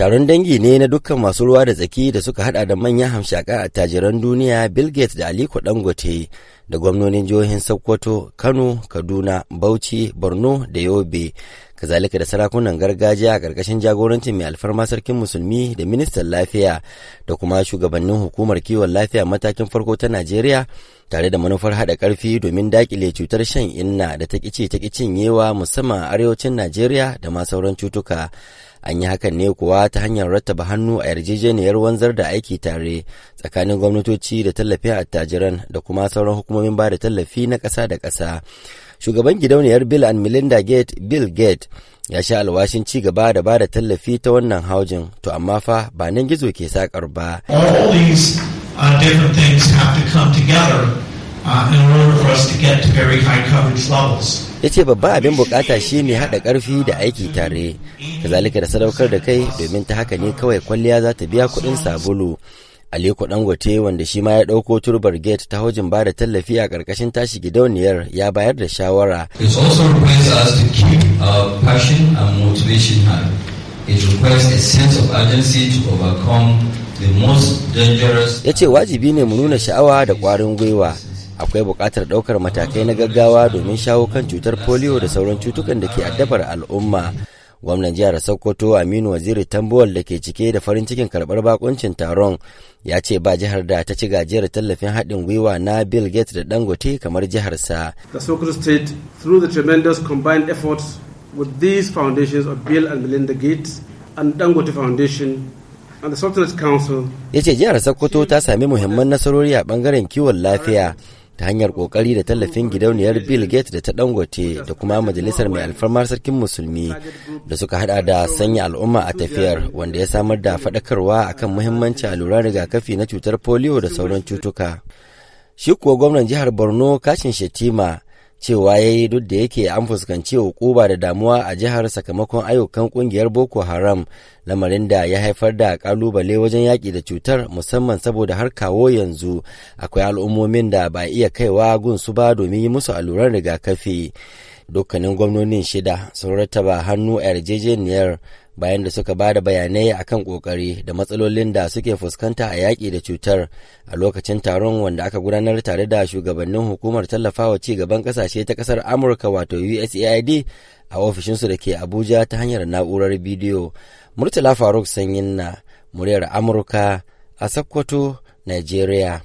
taron dangi ne na dukkan masu ruwa da tsaki da suka hada da manyan hamshaka a tajiran duniya bill gates da aliko dangote da gwamnonin jihohin sokoto kano kaduna bauchi borno da yobe kazalika da sarakunan gargajiya a ƙarƙashin jagorancin mai alfarma sarkin musulmi da ministan lafiya da kuma shugabannin hukumar kiwon lafiya matakin farko ta najeriya tare da manufar haɗa ƙarfi domin daƙile cutar shan inna da ta ƙici ta cinyewa musamman a arewacin Najeriya da ma sauran cutuka. An yi hakan ne kuwa ta hanyar rattaba hannu a yarjejeniyar wanzar da aiki tare tsakanin gwamnatoci da tallafin attajiran da kuma sauran hukumomin ba da tallafi na ƙasa da ƙasa. Shugaban gidauniyar Bill and Melinda Gates, Bill Gates, ya sha alwashin ci gaba da ba da tallafi ta wannan haujin, to amma fa ba nan gizo ke sakar ba. uh, different things have to come together uh, in order for us to get to very high coverage levels. ya ce babban abin bukata ne haɗa ƙarfi da aiki tare kazalika da sadaukar da kai domin ta haka ne kawai kwalliya za ta biya kuɗin sabulu aliko dangote wanda shi ma ya ɗauko turbar gate ta hujin ba da tallafi a ƙarƙashin tashi gidauniyar ya bayar da shawara It also us to keep our uh, passion and motivation high. requires Ya wajibi ne mu nuna sha'awa da ƙwarin gwiwa. Akwai buƙatar ɗaukar matakai na gaggawa domin shawo kan cutar polio da sauran cutukan da ke addabar al'umma. Gwamnan jihar Sokoto Aminu Waziri Tambuwal da ke cike da farin cikin karɓar bakuncin taron ya ce ba jihar da ta ci gajiyar tallafin haɗin gwiwa na Bill Gates da Dangote kamar jihar sa Sokoto State, through the with these foundations of Bill and Melinda Gates, Ya ce jihar Sokoto ta sami muhimman nasarori a bangaren kiwon lafiya ta hanyar kokari da tallafin gidauniyar Bill Gates da ta Dangote da kuma majalisar mai alfarmar sarkin musulmi da suka hada da sanya al'umma a tafiyar wanda ya samar da faɗakarwa akan muhimmanci alluran rigakafi na cutar polio da sauran cutuka. Shi kuwa gwamnan jihar Borno Kashin Shetima cewa ya yi duk da yake an fuskanci hukuba da damuwa a jihar sakamakon ayyukan kungiyar boko haram lamarin da ya haifar da kalubale wajen yaƙi da cutar musamman saboda har kawo yanzu akwai al'ummomin da ba iya kaiwa gun su ba domin yi musu alluran rigakafi dukkanin gwamnonin shida sun rattaba hannu a yarjejeniyar bayan da suka ba da bayanai kan ƙoƙari da matsalolin da suke fuskanta a yaƙi da cutar a lokacin taron wanda aka gudanar tare da shugabannin hukumar tallafawa ci gaban ƙasashe ta ƙasar amurka wato usaid a ofishinsu da ke abuja ta hanyar na'urar bidiyo murtala faruk sanyin na muryar amurka a sokoto nigeria